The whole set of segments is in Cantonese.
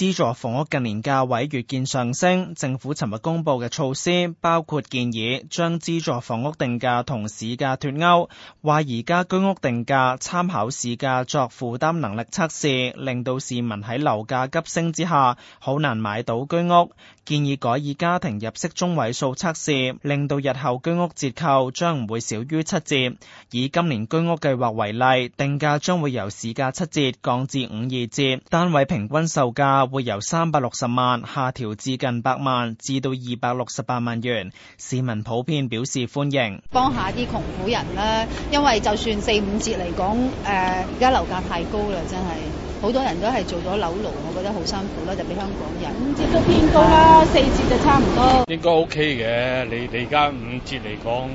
資助房屋近年價位越見上升，政府尋日公布嘅措施包括建議將資助房屋定價同市價脱鈎，話而家居屋定價參考市價作負擔能力測試，令到市民喺樓價急升之下好難買到居屋。建議改以家庭入息中位數測試，令到日後居屋折扣將唔會少於七折。以今年居屋計劃為例，定價將會由市價七折降至五二折，單位平均售價。會由三百六十萬下調至近百萬，至到二百六十八萬元，市民普遍表示歡迎。幫下啲窮苦人啦，因為就算四五折嚟講，誒、呃，而家樓價太高啦，真係好多人都係做咗樓奴，我覺得好辛苦啦，就比香港人五折都偏高啦，啊，四折就差唔多，應該 OK 嘅，你你而家五折嚟講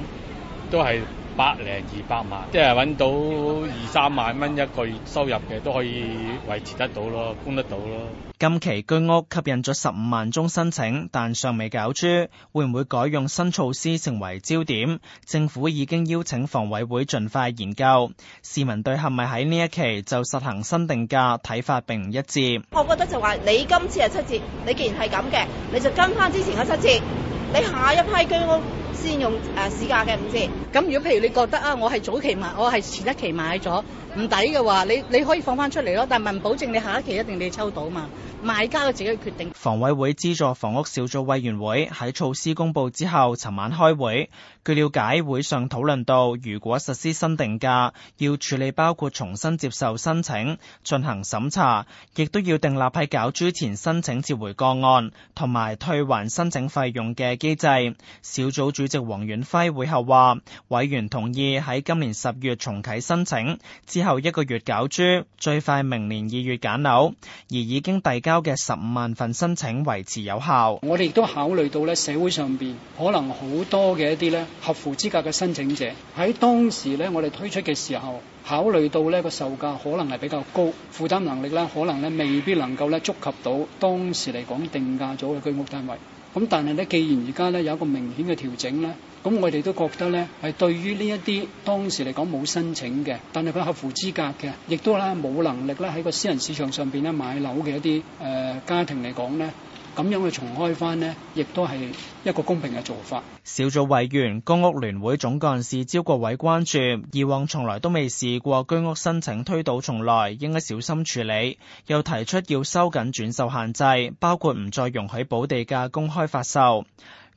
都係。百零二百萬，即係揾到二三萬蚊一個月收入嘅都可以維持得到咯，供得到咯。今期居屋吸引咗十五萬宗申請，但尚未攪珠，會唔會改用新措施成為焦點？政府已經邀請房委會盡快研究。市民對係咪喺呢一期就實行新定價睇法並唔一致。我覺得就話你今次係七折，你既然係咁嘅，你就跟翻之前嘅七折。你下一批居屋。先用市價嘅唔知，咁如果譬如你覺得啊，我係早期買，我係前一期買咗唔抵嘅話，你你可以放翻出嚟咯。但係唔保證你下一期一定你抽到嘛，買家嘅自己決定。房委會資助房屋小組委員會喺措施公布之後，尋晚開會。據了解，會上討論到如果實施新定價，要處理包括重新接受申請、進行審查，亦都要訂立喺攪珠前申請撤回個案同埋退還申請費用嘅機制。小組。主席黃遠輝會後話，委員同意喺今年十月重啟申請，之後一個月攪珠，最快明年二月揀樓，而已經遞交嘅十五萬份申請維持有效。我哋亦都考慮到咧，社會上邊可能好多嘅一啲咧合乎資格嘅申請者，喺當時咧我哋推出嘅時候，考慮到呢個售價可能係比較高，負擔能力咧可能咧未必能夠咧觸及到當時嚟講定價咗嘅居屋單位。咁但係咧，既然而家咧有一個明顯嘅調整咧，咁我哋都覺得咧係對於呢一啲當時嚟講冇申請嘅，但係佢合乎資格嘅，亦都咧冇能力咧喺個私人市場上邊咧買樓嘅一啲誒、呃、家庭嚟講咧。咁樣去重開翻呢，亦都係一個公平嘅做法。小組委員公屋聯會總幹事招國偉關注，以往從來都未試過居屋申請推倒重來，應該小心處理。又提出要收緊轉售限制，包括唔再容許補地價公開發售。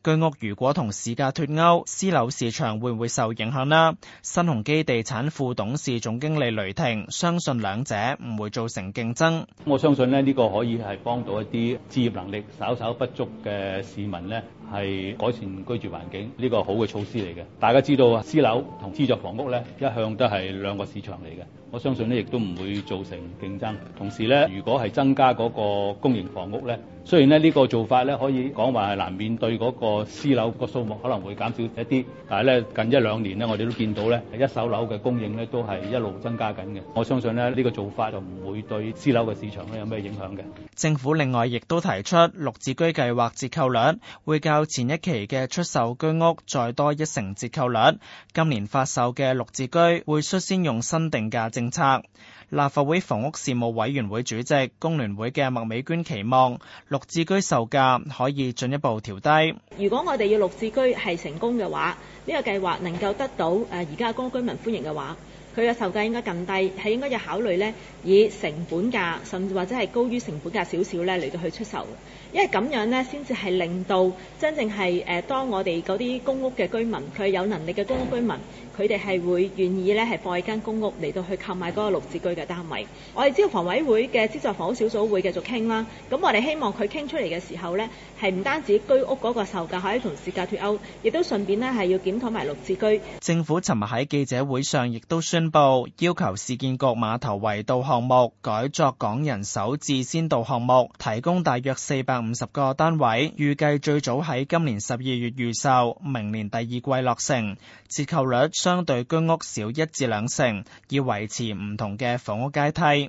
居屋如果同市價脫鈎，私樓市場會唔會受影響呢？新鴻基地產副董事總經理雷霆相信兩者唔會造成競爭。我相信呢呢個可以係幫到一啲置業能力稍稍不足嘅市民呢。係改善居住環境呢個好嘅措施嚟嘅。大家知道啊，私樓同資助房屋呢一向都係兩個市場嚟嘅。我相信呢亦都唔會造成競爭。同時呢，如果係增加嗰個公營房屋呢，雖然呢呢個做法呢可以講話係難免對嗰個私樓個數目可能會減少一啲，但係呢近一兩年呢，我哋都見到呢一手樓嘅供應呢都係一路增加緊嘅。我相信呢呢個做法就唔會對私樓嘅市場呢有咩影響嘅。政府另外亦都提出綠置居計劃折扣率會較有前一期嘅出售居屋再多一成折扣率，今年發售嘅綠置居會率先用新定價政策。立法會房屋事務委員會主席，工聯會嘅麥美娟期望綠置居售價可以進一步調低。如果我哋要綠置居係成功嘅話，呢個計劃能夠得到誒而家高居民歡迎嘅話。佢嘅售價應該更低，係應該要考慮咧，以成本價，甚至或者係高於成本價少少咧嚟到去出售，因為咁樣咧先至係令到真正係誒當我哋嗰啲公屋嘅居民，佢有能力嘅公屋居民，佢哋係會願意咧係放喺間公屋嚟到去購買嗰個綠置居嘅單位。我哋知道房委會嘅資助房屋小組會繼續傾啦，咁我哋希望佢傾出嚟嘅時候咧，係唔單止居屋嗰個售價可以同市價脫勾，亦都順便咧係要檢討埋綠置居。政府尋日喺記者會上亦都宣部要求市建局馬頭圍道項目改作港人首置先導項目，提供大約四百五十個單位，預計最早喺今年十二月預售，明年第二季落成，折扣率相對居屋少一至兩成，以維持唔同嘅房屋階梯。